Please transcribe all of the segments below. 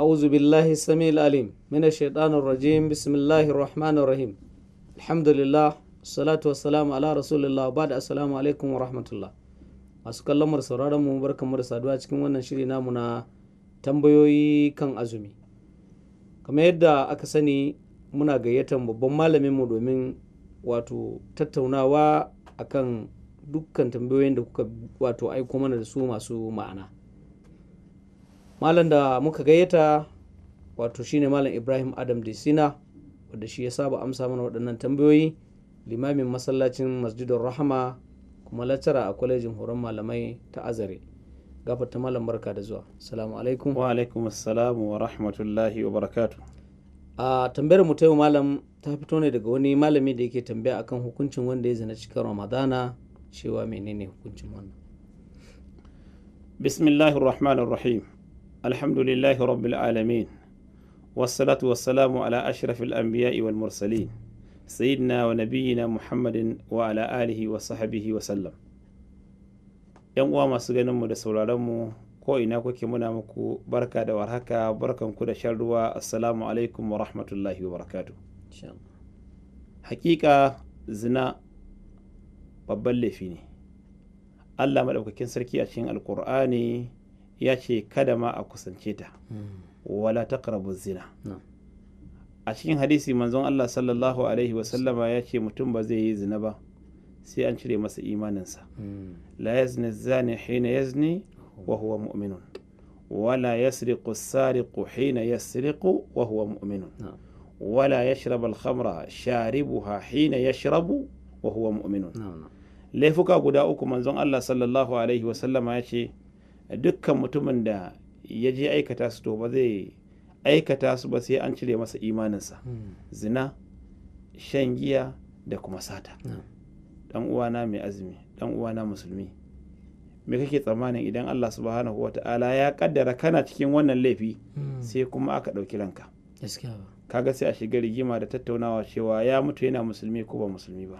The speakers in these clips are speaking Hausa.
أعوذ بالله السميع العليم من الشيطان الرجيم بسم الله الرحمن الرحيم الحمد لله ala rasulillah ba da assalamu alaikum wa rahmatullah masu kallon mu sauraron mu barkan mu da saduwa cikin wannan shiri namu na tambayoyi kan azumi kamar yadda aka sani muna gayyatar babban malamin mu domin wato tattaunawa akan dukkan tambayoyin da kuka wato aiko mana da su masu ma'ana malam da muka gayyata wato shine malam ibrahim adam Sina wadda shi ya saba amsa mana waɗannan tambayoyi limamin masallacin masjidin rahama kuma latara a kwalejin horon malamai ta azare gafarta malam barka da zuwa salamu alaikum wa alaikum assalamu wa rahmatullahi wa barakatu a tambayar mu yau malam ta fito ne daga wani malami da yake tambaya akan hukuncin wanda ya zina cikin ramadana cewa menene hukuncin wannan bismillahir rahmanir rahim alhamdulillahi rabbil alamin wassalatu wassalamu ala ashrafil anbiya'i wal mursalin sayyidina wa nabiyyina muhammadin wa ala alihi wa sahbihi wa sallam yan uwa masu ganin mu da sauraron mu ko ina kuke muna muku barka da warhaka barkan ku da shan ruwa asalamu alaikum wa rahmatullahi wa barakatuh hakika zina babban laifi ne Allah maɗaukakin sarki a cikin alkur'ani ya ce kada ma a kusance ta hmm. wala taqrabu zina a cikin hadisi manzon Allah sallallahu alaihi wa sallama ya ce mutum ba zai yi zina ba sai an cire masa imaninsa hmm. la yazni zani hina yazni wa huwa mu'minun wala yasriqu sariqu hina yasriqu wa huwa mu'minun wala yashrabu al-khamra sharibuha hina yashrabu wa huwa mu'minun laifuka guda uku manzon Allah sallallahu alaihi wa sallama ya ce dukkan mutumin da ya je aikata su to ba zai aikata su ba sai an cire masa imaninsa hmm. zina shan giya da kuma sata hmm. dan uwana mai azumi dan uwana musulmi me kake tsammanin idan Allah subhanahu wata'ala ya kaddara kana cikin wannan laifi hmm. sai kuma aka ɗauki ranka kaga sai a shiga rigima da tattaunawa cewa ya mutu yana musulmi ko ba musulmi ba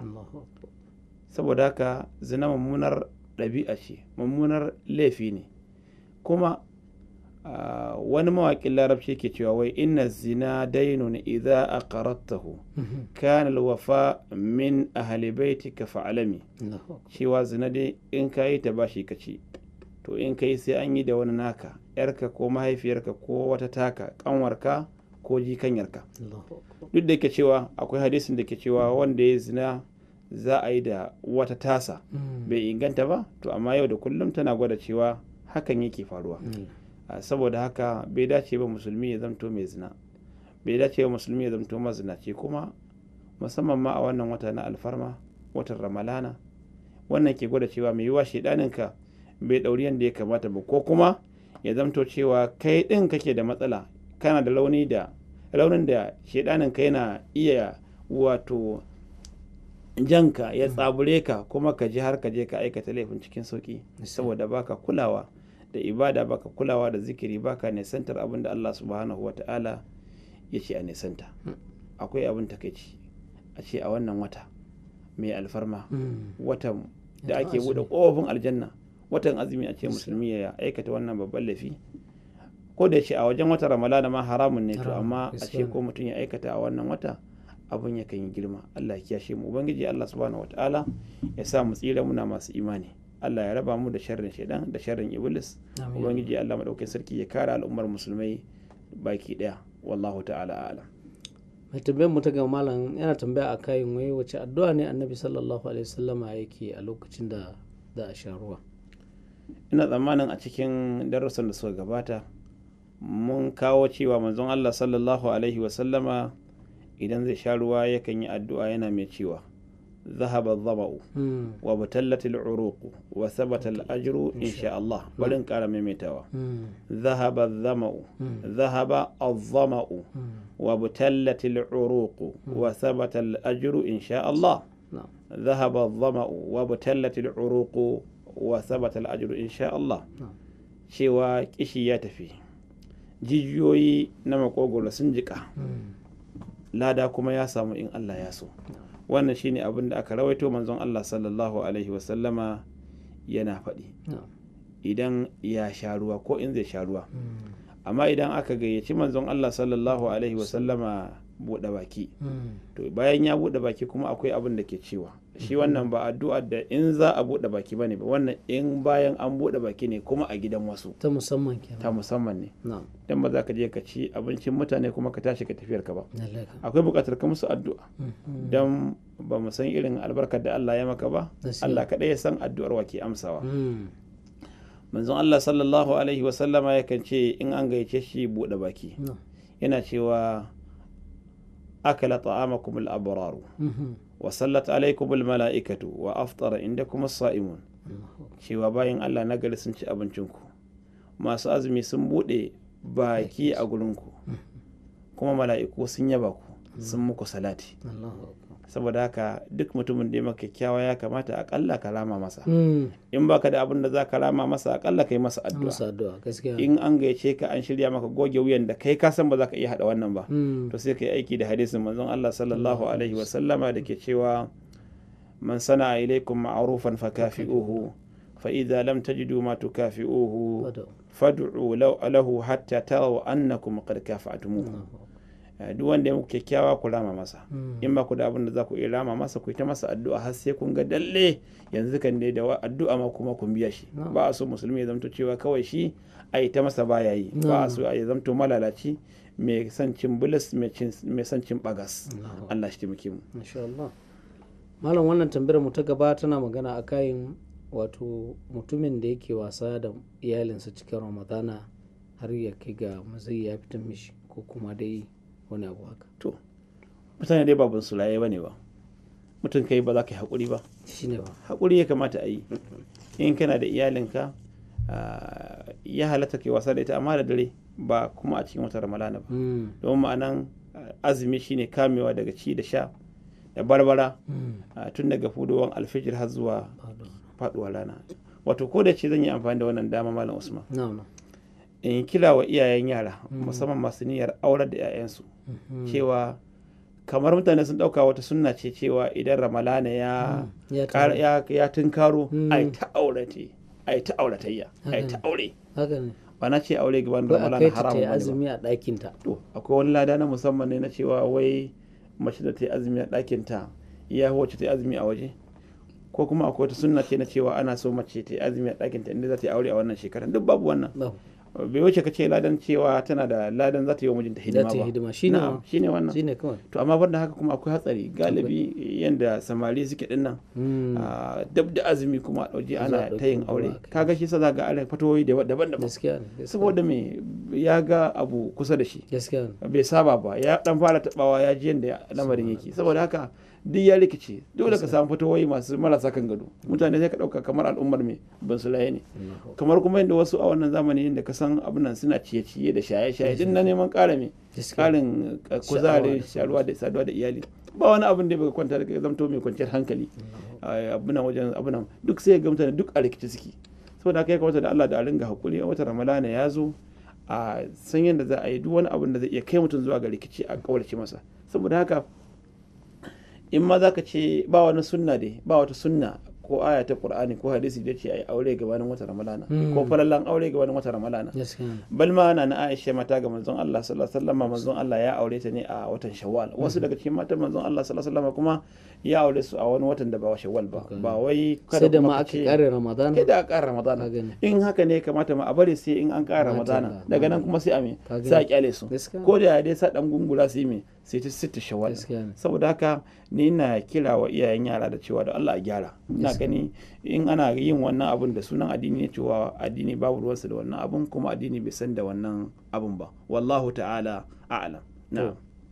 saboda haka zina mummunar ɗabi'a ce mummunar laifi ne kuma wani mawaƙin larabci ke cewa wai inna zina dainun idza aqarattahu mhm. kana alwafa min ahli baitika alami cewa zina dai in kayi ta bashi ka ci to in kai sai an yi da wani naka yarka ko mahaifiyarka ko wata taka kanwarka ko jikanyarka duk da ke cewa akwai hadisin da ke cewa wanda ya zina za a yi da wata tasa mm. bai inganta ba to amma yau da kullum tana gwada cewa hakan yake faruwa mm. ah, saboda haka bai dace ba musulmi ya zamto mai zina bai dace ba musulmi ya zamto mazinaci kuma musamman ma a wannan wata na alfarma watan ramalana wannan ke gwada cewa mai yiwa shaidaninka bai dauri yadda ya kamata ba ko kuma ya zamto cewa kai din kake da matsala kana da launi da launin da shaidaninka yana iya wato janka ya mm. tsabure ka kuma ka ji har ka je ka aikata laifin cikin sauki saboda baka kulawa da ibada baka kulawa da zikiri baka nisantar abin da Allah subhanahu wa ta'ala ya ce a nisanta akwai abin takaici a ce a wannan wata mai alfarma mm. watan da ake buɗe ƙofofin aljanna watan azumi a ce musulmi ya aikata wannan babban laifi ko da ce a wajen wata da ma haramun ne to amma a ce ko mutum ya aikata a wannan wata abin ya kan yi girma Allah ya kiyashe mu ubangiji Allah subhanahu ta'ala ya sa mu tsira muna masu imani Allah ya raba mu da sharrin shaidan da sharrin iblis ubangiji Allah madaukakin sarki ya kare al'ummar musulmai baki daya wallahu ta'ala a'lam mai tambayar mu ta ga malam yana tambaya a kayan wai wace addu'a ne annabi sallallahu alaihi wasallama yake a lokacin da da a sha ruwa ina tsammanin a cikin darussan da suka gabata mun kawo cewa manzon Allah sallallahu alaihi wasallama idan zai sha ruwa yakan yi addu'a yana mai cewa ذهب الظمأ وابتلت العروق وثبت الأجر إن شاء الله ولن قال ميميتوا ذهب الظمأ ذهب الظمأ وابتلت العروق وثبت الأجر إن شاء الله ذهب الظمأ وابتلت العروق وثبت الأجر إن شاء الله cewa كشي يتفي جيجوي jijiyoyi na makogoro sun jika lada الله إن samu in Allah wannan shine abin da aka rawaito manzon Allah sallallahu alaihi wasallama yana faɗi idan ya sha ruwa ko in zai sha ruwa mm. amma idan aka gayyaci manzon Allah sallallahu alaihi wasallama buɗe baki hmm. to bayan ya buɗe baki kuma akwai abin da ke cewa shi wannan ba addu'a da in za a buɗe baki bane ba wannan in bayan an buɗe baki ne kuma a gidan wasu ta musamman ke ta musamman ne dan ba za ka je ka ci abincin mutane kuma ka tashi ka tafiyar ka ba akwai buƙatar ka musu addu'a hmm. dan ba mu san irin albarkar da Allah ya maka ba Allah kaɗai ya san addu'ar wa ke amsawa hmm. manzon Allah sallallahu alaihi wa sallama yakan ce in an gaice shi buɗe baki yana cewa akala ta'amakum al kumul wa sallat alaikum al-mala'ikatu wa aftara inda kuma saimun cewa bayan Allah na gari sun ci abincinku masu azumi sun bude baki a gurinku kuma mala'iku sun yaba ku sun muku salati saboda haka duk mutumin da ya maka kyakkyawa ya kamata akalla ka rama masa hmm. in baka da abin da za ka rama masa akalla ka yi masa addu'a in an gayyace ka an shirya maka goge wuyan da kai ka san ba za ka iya hada wannan ba hmm. to sai ka yi aiki da hadisin manzon Allah sallallahu hmm. alaihi wa sallama da ke cewa man sana ilaikum ma'rufan fakafi'uhu fa idza lam tajidu ma tukafi'uhu fad'u lahu hatta taraw annakum qad kafa'tumuhu Eh, duk wanda ya muku kyakkyawa ku rama masa hmm. in ba ku da abin da za ku iya rama masa ku yi ta masa addu'a har sai kun ga dalle yanzu kan ne da addu'a ma kuma kun biya shi ba a so musulmi ya zamto cewa kawai shi a yi ta masa baya yi ba a so ya zamto malalaci mai son cin bulis mai son cin bagas Allah shi taimake mu malam wannan tambayar mu ta gaba tana magana a kayan wato mutumin da yake wasa da iyalinsa cikin ramadana har ya kai ga mazai ya fitan mishi ko kuma dai wani abu haka to mutane dai ba su laye bane ba mutum kai ba za ka yi haƙuri ba shine haƙuri ya kamata a yi in kana da iyalinka ah, ya halatta ke wasa da ita amma da dare ba kuma a cikin wata ramalana ba hmm. don ma'anan ah, azumi shine kamewa daga ci da sha da barbara hmm. ah, tun daga fudowar alfijir har zuwa faduwar rana wato ko da ce zan yi amfani da wannan dama malam usman in kila wa iyayen yara hmm. musamman masu niyyar aurar da 'ya'yansu cewa kamar mutane sun dauka wata sunna ce cewa idan ramalana ya hmm. ya a hmm. ai ta aurate ai ta auratayya ai ta aure ba na ce aure gaban ramalana haramun ba azumi a ɗakin ta to akwai wani lada na musamman ne na cewa wai mace da ta yi azumi a ɗakinta, ta iya ta yi azumi a waje ko kuma akwai wata sunna ce na cewa ana so mace ta yi azumi a ɗakinta, ta inda za ta yi aure a wannan shekarar duk babu wannan bai wuce ka ce ladan cewa tana da ladan za ta yi wa mijinta hidima ba hidima shine wannan kawai to amma banda haka kuma akwai hatsari galibi yanda samari suke din nan hmm. dab da azumi kuma ɗauki ana ta yin aure kaga shi sa za ga ana fatoyi da daban-daban saboda me ya ga abu kusa da shi bai saba ba ya dan fara tabawa ya ji yanda lamarin yake saboda haka duk ya rikice dole ka samu fitowai masu marasa kan gado mutane sai ka dauka kamar al'ummar mai ban su laye ne kamar kuma yadda wasu a wannan zamani yadda ka san abin nan suna ciye ciye da shaye shaye din na neman ƙara me ƙarin eh, kuzari sharuwa da saduwa da iyali ba wani abin da baka kwanta da zamto mai kwanciyar hankali abin nan wajen abin duk sai ga mutane duk a rikice suke saboda haka ya kamata da Allah da a ringa hakuri a wata ramalana ya zo a san yadda za a yi duk wani abin da zai iya kai mutum zuwa ga rikici a kawarce masa saboda haka in ma zaka ce ba wani sunna dai ba wata sunna ko aya ta qur'ani ko hadisi da ce yi aure gabanin wata ramadana hmm. ko falalan aure gabanin wata ramadana bal ma na aisha mata ga manzon Allah sallallahu alaihi wasallam manzon Allah ya aure ta ne a watan shawwal wasu daga cikin matan manzon Allah sallallahu alaihi wasallam kuma ya aure su a wani watan da ba shawwal ba ba wai kada da ma aka kare ramadana kada aka kare ramadana in haka ne kamata ma a bari sai in an kare ramadana daga nan kuma sai a me sai a kyale su ko da dai sa dan gungula yi me sai ta sita shawwal saboda haka ni na kira wa iyayen yara da cewa da Allah a gyara ina gani in ana yin wannan abun da sunan addini ne cewa addini babu ruwansa da wannan abun kuma addini bai san da wannan abun ba wallahu ta'ala a'lam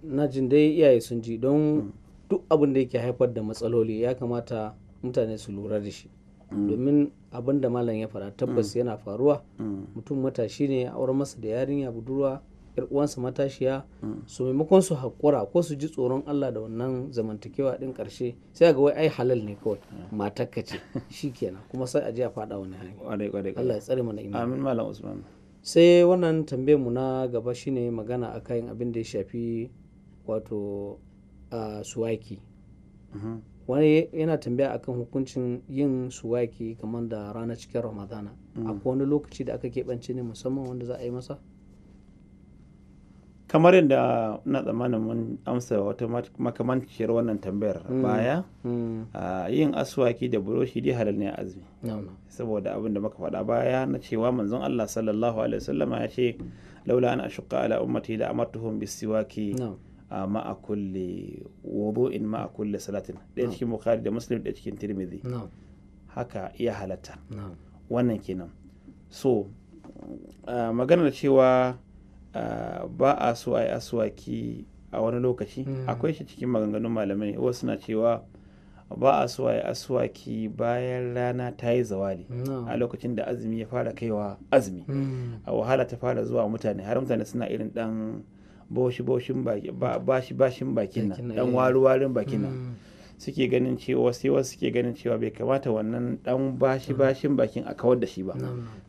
na jin dai iyaye sun ji don hmm. duk abin da yake haifar da matsaloli ya kamata mutane su lura da shi mm. domin abin da malam ya fara tabbas mm. yana faruwa mm. mutum matashi ne a auren masa da yarinya budurwa yar uwansa matashiya su maimakon su hakura ko su ji tsoron Allah da wannan zamantakewa din karshe sai ga wai ai halal ne kawai matakka ce shikenan kuma sai a je a fada wani hali Allah ya tsare mana imani amin malam usman sai wannan tambayar mu na gaba shine magana akan abin da ya shafi wato a suwaki mm-hmm. wani yana tambaya akan hukuncin yin suwaki kamar da ranar cikin ramadana mm wani lokaci da aka keɓance ne musamman wanda za a yi masa kamar yadda na tsammanin mun amsa wata makamanciyar wannan tambayar mm. baya mm. yin aswaki da buroshi dai halal ne a azumi saboda abin da muka faɗa baya na cewa manzon Allah sallallahu alaihi wasallama ya ce laula an ashqa ala ummati da amartuhum bisiwaki no. ma'a kulli wudu'in ma'a kulle salatin ɗaya cikin bukhari da muslim ɗaya cikin tirmidhi haka ya halatta wannan kenan so maganar cewa ba a so a yi aswaki a wani lokaci akwai shi cikin maganganun malamai wasu na cewa ba a so a yi aswaki bayan rana ta yi zawali a lokacin da azumi ya fara kaiwa azumi a wahala ta fara zuwa mutane har mutane suna irin dan boshi boshin bashi bashin bakin nan dan waru warin bakin nan eh. hmm. suke ganin cewa sai wasu suke ganin cewa bai kamata wannan dan bashi hmm. bashin bakin a kawar da shi ba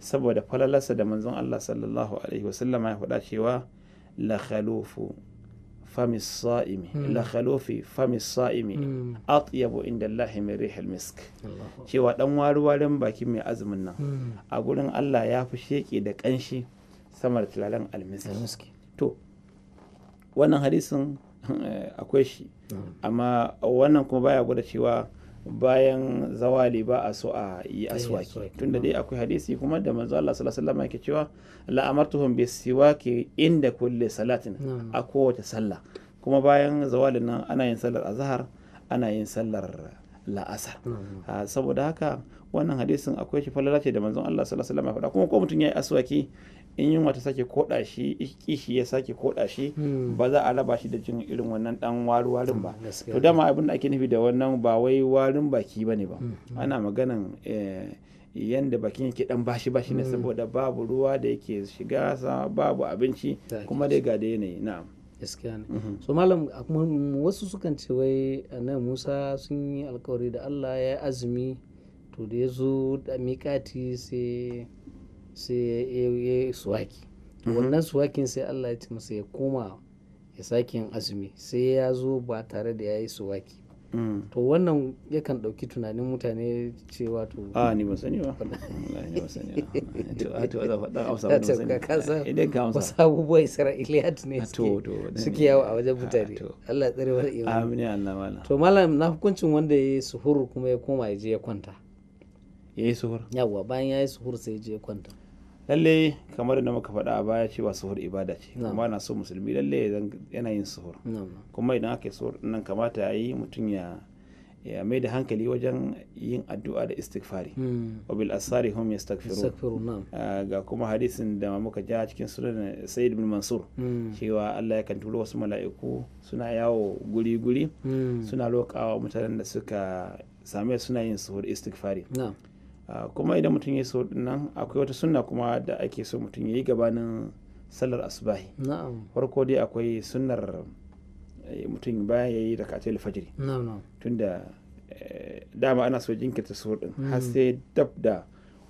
saboda falalarsa da manzon Allah sallallahu alaihi sallam ya faɗa cewa la khalufu sa'imi hmm. la khalufi فم sa'imi atyabu inda Allah من rihil misk cewa dan waruwarin bakin mai azumin nan a gurin Allah ya fi sheke da kanshi samar tilalan almiski to wannan hadisin eh, akwai shi amma wannan kuma baya gwada cewa bayan zawali ba a so a yi aswaki tunda dai akwai hadisi kuma da manzo Allah sallallahu alaihi wasallam yake cewa la'amartuhum siwaki inda kulli salatin a kowace sallah kuma bayan zawalin nan ana yin sallar azhar ana yin sallar la'asar ah, saboda haka wannan hadisin akwai shi falala ce da manzon Allah sallallahu alaihi wasallam ya faɗa kuma ko mutum yayi aswaki in yunwa ta sake koda shi kishi ya sake koda shi hmm. ba za a raba shi da jin irin wannan dan waru warin hmm, ba to dama abin da ake nufi da wannan ba wai warin baki bane ba hmm, ana maganan eh, yanda bakin yake dan bashi bashi ne saboda babu ruwa da yake shiga sa babu abinci kuma dai ga da yanayi na'am ne mm-hmm. so malam wasu sukan ce wai na musa sun yi alkawari da allah ya azumi to da ya zo da mikati sai sai ya yi suwaki mhm. wannan suwakin sai Allah ya ci masa ya koma ya sake yin azumi sai ya zo ba tare da ya yi suwaki mm. to wannan yakan ɗauki tunanin mutane cewa to a ni ba sani ba ni ba sani ba to a faɗa a wasu abubuwa wasu abubuwa isra'iliyat ne suke yawo a wajen mutane Allah tsare wa imani amin Allah malam to malam na hukuncin wanda ya yi suhuru kuma ya koma ya je ya kwanta ya yi suhur yawwa bayan ya yi suhur sai ya je ya kwanta lalle kamar da muka faɗa a baya cewa suhur ibada ce kuma na so musulmi lalle yana yin suhur kuma idan aka yi suhur nan kamata ya yi mutum ya ya mai da hankali wajen yin addu'a da istighfari hmm. wa bil asari hum yastaghfirun ah, ga kuma hadisin da muka ja cikin sunan sayyid bin mansur hmm. cewa Allah ya kan turo wasu mala'iku suna yawo guri guri hmm. suna lokawa mutanen da suka same suna yin suhur istighfari Ah, kuma idan mutum ya so nan akwai wata sunna kuma da ake so mutum ya yi gabanin sallar asubahi farko dai akwai sunnar eh, mutum baya ya yi da katil fajiri tunda eh, dama ana so jinkirta so din hmm. har sai dab da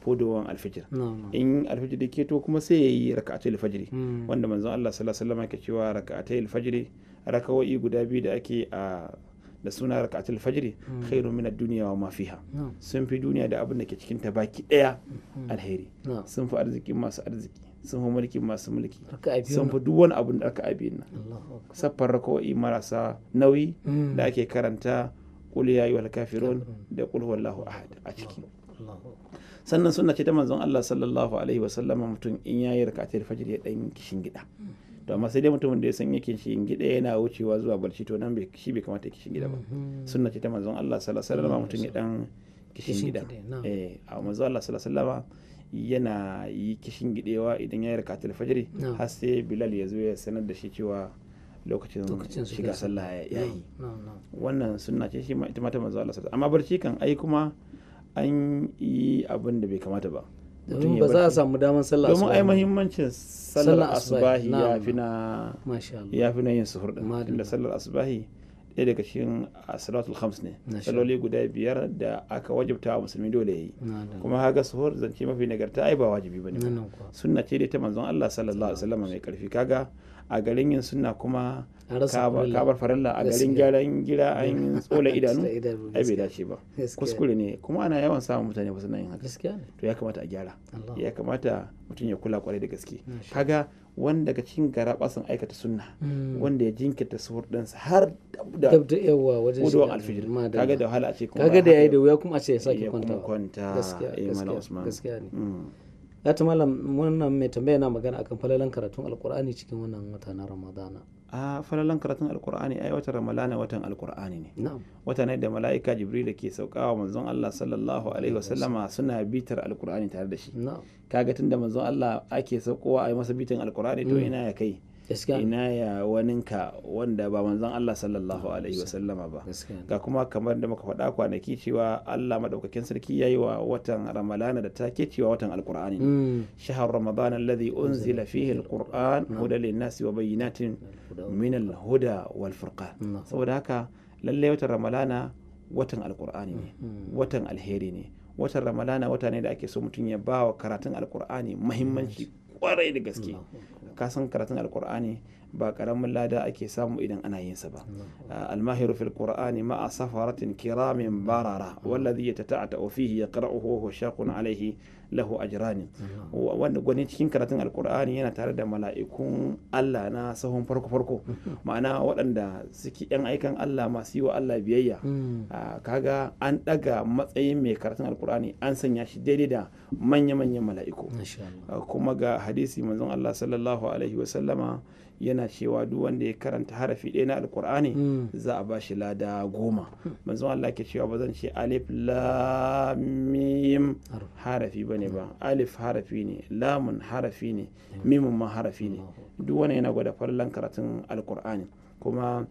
fodowan alfijir in alfijir ke to kuma sai ya yi raka'atul fajiri hmm. wanda manzon Allah sallallahu alaihi wasallam ke cewa raka'atul fajiri raka'o'i guda biyu da ake a da suna rakatul fajiri. Mm. khairu min ad-dunya wa ma fiha sun fi duniya da abin da ke cikin ta baki daya mm-hmm. alheri sun fi arzikin masu arziki sun fi mulki masu mulki sun fi duk wani abin da aka abi nan saffar rakoi marasa nauyi mm. da ake karanta qul ya ayyuhal kafirun da qul huwallahu ahad a ciki sannan sunna ce ta manzon Allah sallallahu alaihi wa sallam mutum in yayi rakatul fajiri ya dan kishin gida to amma sai dai mutumin da ya san yake gida yana wucewa zuwa barci to nan shi bai kamata kishin gida ba mm-hmm. sunna ce ta manzon Allah sallallahu alaihi wasallam mutum ya dan gida eh a manzon Allah sallallahu alaihi wasallam yana yi gidewa idan ya yi rakatul fajr har sai Bilal ya zo ya sanar da shi cewa lokacin shiga sallah ya yi wannan sunna ce shi ita ma ta manzon Allah sallallahu alaihi wasallam amma barci kan ai kuma an yi abin da bai kamata ba domin ba za a samu damar sallah asubahi domin ai muhimmancin sallar asubahi ya fi na yin suhur din da sallar asubahi ɗaya daga cikin asalatul khams ne saloli guda biyar da aka wajibta wa musulmi dole ya yi kuma haga suhur zance mafi nagarta ai ba wajibi ba ne sunna ce dai ta manzon Allah sallallahu alaihi wasallam mai karfi kaga a garin yin sunna kuma kabar farilla a garin gyaran gida an tsola idanu ai bai dace ba kuskure ne kuma ana yawan samun mutane ba suna yin haka to ya kamata a gyara ya kamata mutum ya kula kwarai da gaske kaga wanda daga cikin garabasan aikata sunna hmm. wanda ya jinkirta suhur ɗinsa har da da yawa wajen guduwan alfijir kaga da wahala a ce kuma kaga da yayi da wuya kuma a ce ya sake kwanta kwanta gaskiya eh, gaskiya ne hmm. ya ta malam wannan mai tambaya na magana akan falalan karatun alkur'ani cikin wannan wata na ramadana a falalan karatun alkur'ani ai watan ramalana watan alkur'ani ne wata ne da mala'ika jibril ke saukawa manzon Allah sallallahu alaihi wasallama suna bitar alkur'ani tare da shi kaga da manzon Allah ake saukowa yi masa bitan alkur'ani to mm. ina ya kai ina ya waninka wanda ba manzon Allah sallallahu alaihi wasallama ba ga kuma kamar da muka faɗa kwanaki cewa Allah madaukakin sarki ya yi wa watan ramadana da take cewa watan alqur'ani mm. shahar ramadan alladhi unzila fihi alqur'an hudan linnasi wa bayyinatin min alhuda wal furqan saboda haka lalle watan ramadana watan alqur'ani ne mm-hmm. watan alheri ne watan ramadana wata ne da ake so mutum ya ba wa karatun alkur'ani mahimmanci kwarai da gaske ka san karatun alkur'ani ba karamin lada ake samu idan ana yin sa ba ah, almahiru fil qur'ani ma'a safaratin kiramin barara wallazi yatata'atu fihi yaqra'uhu wa shaqun alayhi lahu ajrani wanda gwani cikin karatun alkur'ani yana tare da mala'ikun Allah na sahun farko farko ma'ana waɗanda suke yan aikan Allah masu yi wa Allah biyayya hmm. ah, kaga an ɗaga matsayin mai karatun alkur'ani an sanya shi daidai da manya manyan mala'iku ah, kuma ga hadisi manzon Allah sallallahu alaihi wa yana cewa duk wanda ya karanta harafi ɗaya na alkur'ani hmm. za a bashi lada goma hmm. manzon Allah ke cewa ba ce alif lam harafi ba bane ba alif harafi ne lamun harafi ne mimun ma harafi ne duk wani yana gwada farlan karatun alkur'ani kuma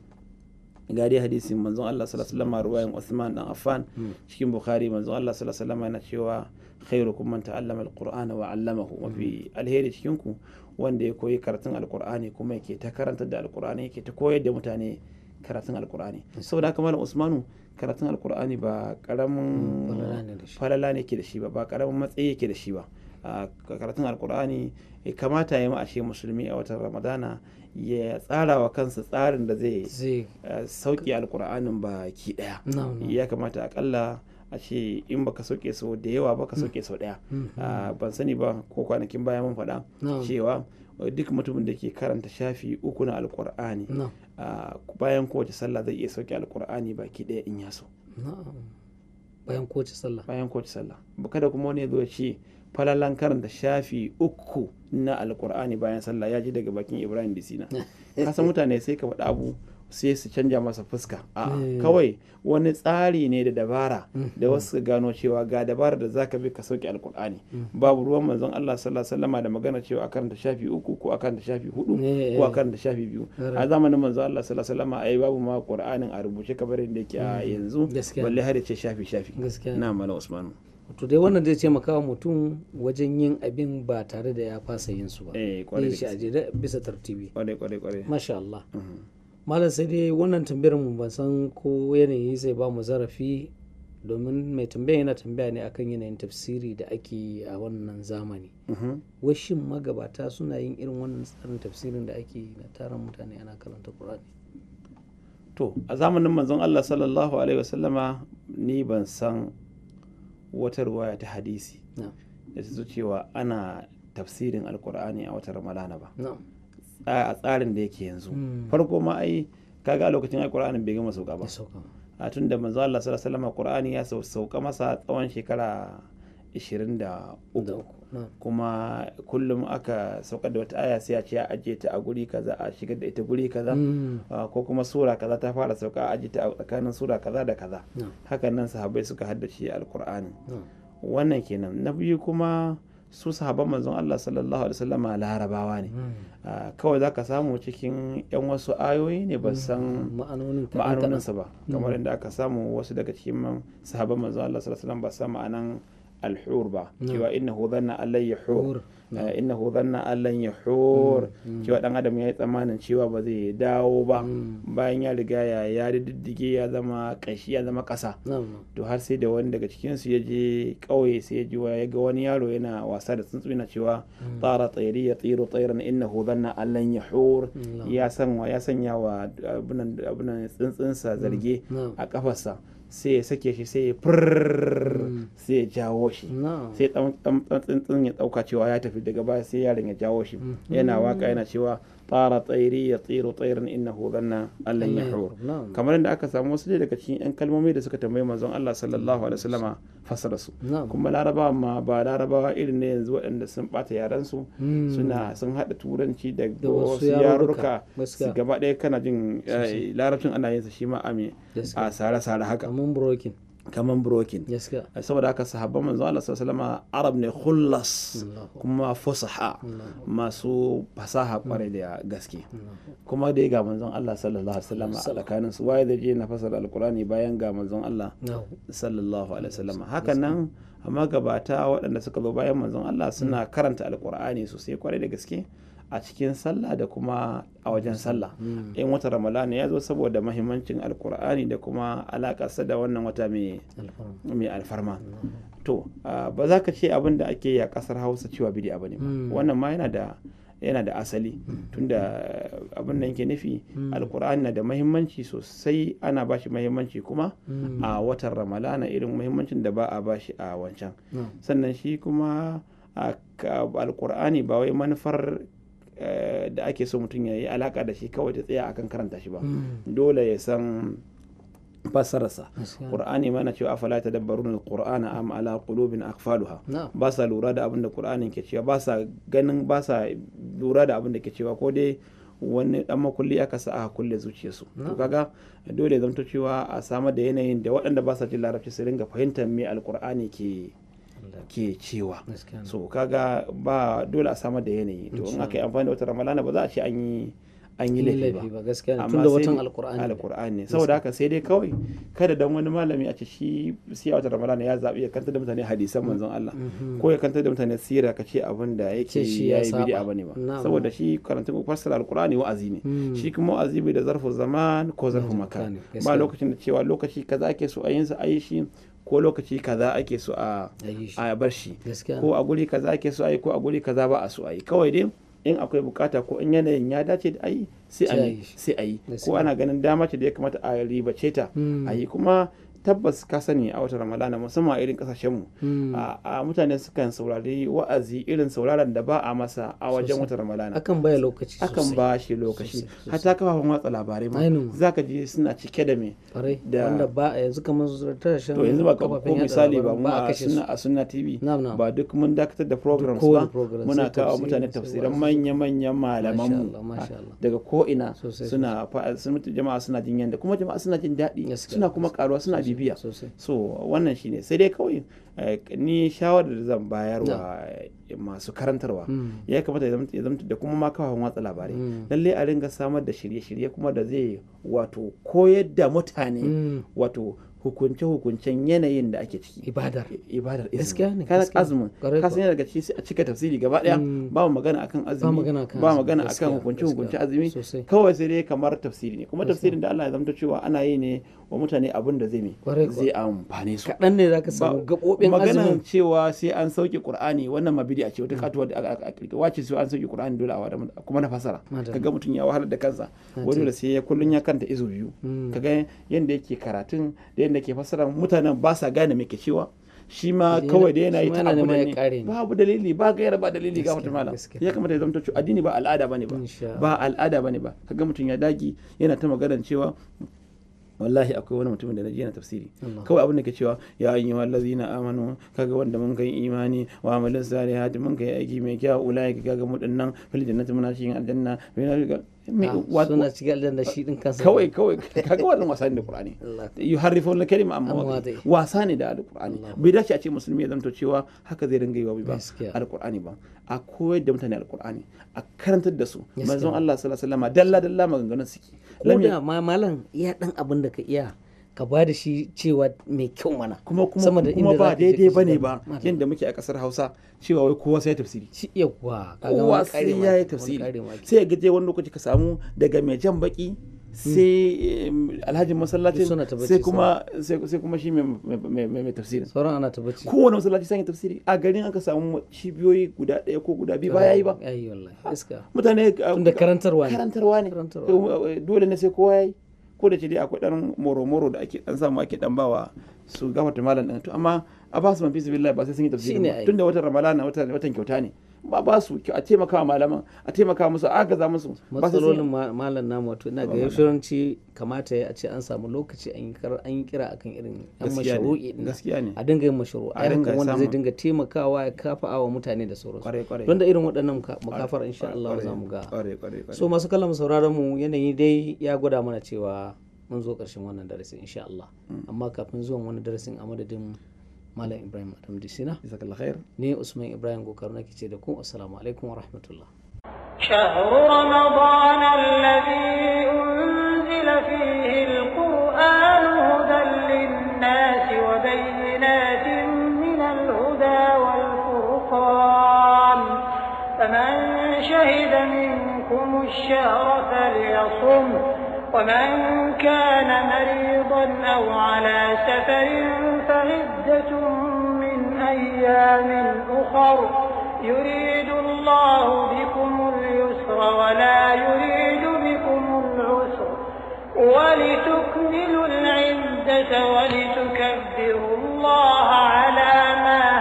ga dai hadisin manzon Allah sallallahu alaihi wasallam ruwayan Uthman dan Affan cikin Bukhari manzon Allah sallallahu alaihi wasallam yana cewa khairukum man ta'allama alqur'ana wa 'allamahu fi alheri cikin ku wanda ya koyi karatun alkur'ani kuma yake ta karanta da alkur'ani yake ta koyar da mutane karatun alkur'ani saboda kamar Usmanu karatun alkur'ani ba karamin mm, falala ne ke da shi ba ba karamin matsayi ke da shi ba a karatun alkur'ani eh, kamata ya ma'ashe musulmi a watan ramadana ya tsara wa kansa tsarin da zai eh, sauke alkur'anin ki ɗaya ya kamata akalla a ce in baka sauke sau da yawa baka mm. sauke sau ɗaya mm-hmm. ban sani ba ko kwanakin baya mun faɗa cewa eh, duk mutumin da ke karanta shafi uku na alkur'ani Ah, bayan kowace sallah zai iya sauke alkur'ani baki ɗaya in ya so bayan kowace sallah bayan kowace sallah kada kuma wani ya zo ce falalan karanta shafi uku na alkur'ani bayan sallah ya ji daga bakin ibrahim disina kasan mutane sai ka faɗa abu sai su canja masa fuska a eh. kawai wani tsari ne da dabara da mm-hmm. wasu gano cewa ga dabara da zaka bi ka sauke alkur'ani mm-hmm. babu ruwan manzon Allah sallallahu alaihi da magana cewa akan da shafi uku ko akan da shafi hudu ko akan eh. da shafi biyu a zamanin manzon Allah sallallahu alaihi ai babu ma qur'anin a rubuce kamar yadda yake a mm-hmm. yanzu balle har ya ce shafi shafi na malam Usman to dai wannan zai taimaka wa mutum wajen yin abin ba tare da ya fasa yin su ba. Eh, kwarai da Bisa tartibi. Kwarai kwarai kwarai. Masha Allah. malam sai dai wannan tambayar mu ban san ko yanayi zai ba mu zarafi domin mai tambaya yana tambaya ne akan yanayin tafsiri da ake yi a wannan zamani mm-hmm. washin magabata suna yin irin wannan tsarin tafsirin da ake yi na taron mutane ana karanta qur'ani to a zamanin manzon Allah sallallahu alaihi wasallama ni ban san wata ruwaya ta hadisi da ta cewa ana tafsirin alkur'ani a wata ramadana ba a tsarin da yake yanzu hmm. farko ma ai kaga a lokacin ai qur'anin bai gama sauka ba a tun da manzo Allah sallallahu alaihi wasallam qur'ani ya sauka masa tsawon shekara 23 kuma kullum aka saukar da wata aya sai a ce a ajiye ta a guri kaza a shigar da ita guri kaza hmm. ko kuma sura kaza ta fara sauka a ajiye ta a tsakanin sura kaza da kaza hakan nan sahabbai suka haddace alqur'ani wannan kenan na biyu kuma su sahabban manzon Allah sallallahu alaihi wasallama larabawa ne hmm. ah, kawai zaka samu cikin yan wasu ayoyi ne ba hmm. san ma'anoninsa ba hmm. kamar inda aka samu wasu daga cikin man sahabban manzon Allah sallallahu alaihi wasallam ba san ma'anan alhur ba cewa innahu dhanna allayya hur Eh, na zanna allan ya hur mm, mm. cewa dan adam ya yi tsammanin cewa ba zai dawo ba mm. bayan ya riga ya ya diddige ya zama kashi ya zama kasa to har sai da wani daga cikin su ya je kauye sai ya ji ya ga wani yaro yana wasa da tsuntsu yana cewa tsara tsairi ya tsiro tsairan hu zanna allan hur ya sanwa ya sanya wa abunan tsuntsunsa zarge a kafarsa sai ya sake shi sai ya furr sai ya jawo shi sai ya dauka cewa ya tafi tafi daga baya sai yaron ya jawo shi mm. yana waka yana cewa tsara tsairi ya tsiro tsairin inna na allan mm. ya hur kamar yadda aka samu wasu daga cikin yan kalmomi da suka tambayi manzon Allah sallallahu alaihi wasallama fasara su kuma larabawa ma ba larabawa irin ne yanzu waɗanda sun bata yaran su mm. suna sun haɗa turanci da wasu yaruka gaba ɗaya kana jin eh, larabcin ana yin sa shi ma a sare-sare haka kaman brokin saboda haka sahabban manzo Allah sallallahu alaihi arab ne khullas kuma fusaha masu fasaha kwarai da gaske kuma dai ga manzon Allah sallallahu alaihi wasallam a tsakanin su waye da je na fasara alqurani bayan ga manzon Allah sallallahu alaihi wasallam hakan nan amma gabata waɗanda suka zo bayan manzon Allah suna karanta alqurani sosai kwarai da gaske a cikin sallah da kuma a wajen sallah hmm. in wata ramadana ya zo saboda mahimmancin alkur'ani da kuma alakarsa da wannan wata mai alfarma hmm. to ba za ka ce abin da ake yi a kasar hausa cewa bidi'a ba ne hmm. ba. wannan ma yana da yana da asali tunda abin da yake nufi alkur'ani na da mahimmanci sosai ana ba shi mahimmanci kuma a watan ramalana irin mahimmancin da ba a ba shi a wancan sannan shi kuma alkur'ani ba wai manufar Eh, da ake so mutum ya yi alaka da shi kawai ta tsaya akan karanta shi ba hmm. dole ya san fassararsa qur'ani mana cewa afala tadabbarun qur'ana am ala qulubin aqfaluha ba sa lura da abin da qur'ani ke cewa ba sa ganin ba sa lura da abin da ke cewa ko dai wani dan makulli aka sa aka kulle zuciyarsu to kaga dole zan to cewa a samar da yanayin da waɗanda ba sa jin larabci su ringa fahimtar me alqur'ani ke ke cewa so kaga ba dole a samar da yanayi to in aka yi amfani da wata ramalana ba za a ce an yi an yi laifi ba gaskiya tun da watan alkur'ani alkur'ani saboda haka sai dai kawai kada dan wani malami a ce shi siya wata ramadana ya zabi ya kantar da mutane hadisan mm-hmm. manzon Allah mm-hmm. ko ya kantar da mutane sira ka ce abin da yake ya yi bid'a bane ba saboda shi karantun fassara alkur'ani wa'azi ne mm. shi kuma wa'azi bai da zarfu zaman ko zarfu makan ba lokacin da cewa lokaci kaza ake so ayin sa ayi shi ko lokaci kaza ake so a bar shi ko a guri kaza ake so a yi ko a guri kaza ba a so a yi kawai dai in akwai bukata ko in yanayin ya dace da ayi sai a yi ko ana ganin dama ce da ya kamata a ribace ta hmm. a kuma tabbas ka sani a wata ramadana musamman a irin kasashenmu hmm. a mutane sukan saurari wa'azi irin sauraron da ba a masa a wajen wata ramadana akan baya lokaci akan ba shi lokaci hatta kafafen watsa labarai ma zaka je suna cike da me da wanda ba yanzu kamar tashin to yanzu ba ko misali ba mu a sunna a sunna tv ba duk mun dakatar da programs ba muna kawo mutane tafsiran manya manyan malaman mu daga ko ina suna jama'a suna jin yanda kuma jama'a suna jin daɗi suna kuma karuwa suna jibiya so wannan shi ne sai dai kawai eh, ni shawarar da zan bayar wa masu karantarwa hmm. ya kamata ya zamta da kuma ma kafafen watsa labarai hmm. lalle a ringa samar da shirye-shirye kuma da zai wato koyar da mutane hmm. wato hukunce-hukuncen yanayin da ake ciki ibadar ibadar izini kana azumin kasan yana daga ciki a cika tafsiri gaba daya mm. ba magana akan azumi ba magana akan hukunce-hukunce azumi kawai sai dai kamar tafsiri ne kuma tafsirin da Allah ya zamta cewa ana yi ne wa mutane abin da zai ne zai amfane su kaɗan ne zaka samu gabobin azumi magana cewa sai an sauke qur'ani wannan mabidi a ce wata mm. katuwa da aka wace sai an sauke qur'ani dole a wada kuma na fasara kaga mutum ya wahalar da kansa wani da sai ya kullun ya kanta izu biyu mm. kaga yanda yake karatun da yadda ke fassara mutanen ba sa gane mai ke cewa shi ma kawai da yana yi ta abu ne babu dalili ba gayar ba dalili ga mutum malam ya kamata ya zamta addini ba al'ada bane ba ba al'ada bane ba kaga mutum ya dagi yana ta maganar cewa wallahi akwai wani mutumin da naji yana tafsiri kawai abin da ke cewa ya yi na amanu kaga wanda mun kai imani wa amalin salihati mun kai aiki mai kyau ulai kaga mu dinnan fil jannati muna cikin aljanna Ah, suna shigar da shi din kansa kawai kawai kaga wannan wasa ne da qur'ani na kalima amma wasa ne da alqur'ani bai dace a ce musulmi ya zanto cewa haka zai dinga yi wa ba alqur'ani ba a koyar da mutane alqur'ani a karantar da su manzon Allah sallallahu alaihi wasallam dalla dalla maganganun suke ko da ma malam ya dan abin da ka iya ka ba da shi cewa mai kyau mana kuma kuma kuma ba daidai bane ba yadda muke a kasar Hausa cewa wai kowa sai tafsiri shi yawa kowa sai ya yi tafsiri sai ga je wani lokaci ka samu daga mai jan baki sai alhaji masallacin sai kuma sai kuma shi mai tafsiri sauran ana tabbaci kowane masallaci sai tafsiri a garin aka samu cibiyoyi guda ɗaya ko guda biyu ba yayi ba mutane tunda eh, karantarwa ne karantarwa ne eh, dole ne sai kowa yayi ko da ce dai akwai dan moro-moro da ake dan samu ake dan bawa su gafarta malam din to amma a ba su man fi su billahi ba sai sun yi tafsiri tunda watan ramadana watan kyauta ne ba ba su a taimaka malaman a taimaka musu a gaza musu matsalolin malam na wato ina ga yaushuranci kamata ya ce an samu lokaci an yi kira akan irin yan mashru'i din a dinga yin mashru'a a dinga wanda zai dinga taimakawa ya kafa awa mutane da sauransu don da irin waɗannan makafar insha Allah za mu ga so masu kallon sauraron mu yanayi dai ya gwada mana cewa mun zo ƙarshen wannan darasin insha Allah mm. amma kafin zuwan wani darasin a madadin Malam إبراهيم Adam ديسينا جزاك الله خير ني أسمي إبراهيم قوكرنا كي تيدكو السلام عليكم ورحمة الله شهر رمضان الذي أنزل فيه القرآن هدى للناس وبينات من الهدى والفرقان فمن شهد منكم الشهر فليصم ومن كان مريضا أو على سفر فليصم عدة من أيام أخر يريد الله بكم اليسر ولا يريد بكم العسر ولتكملوا العدة ولتكبروا الله على ما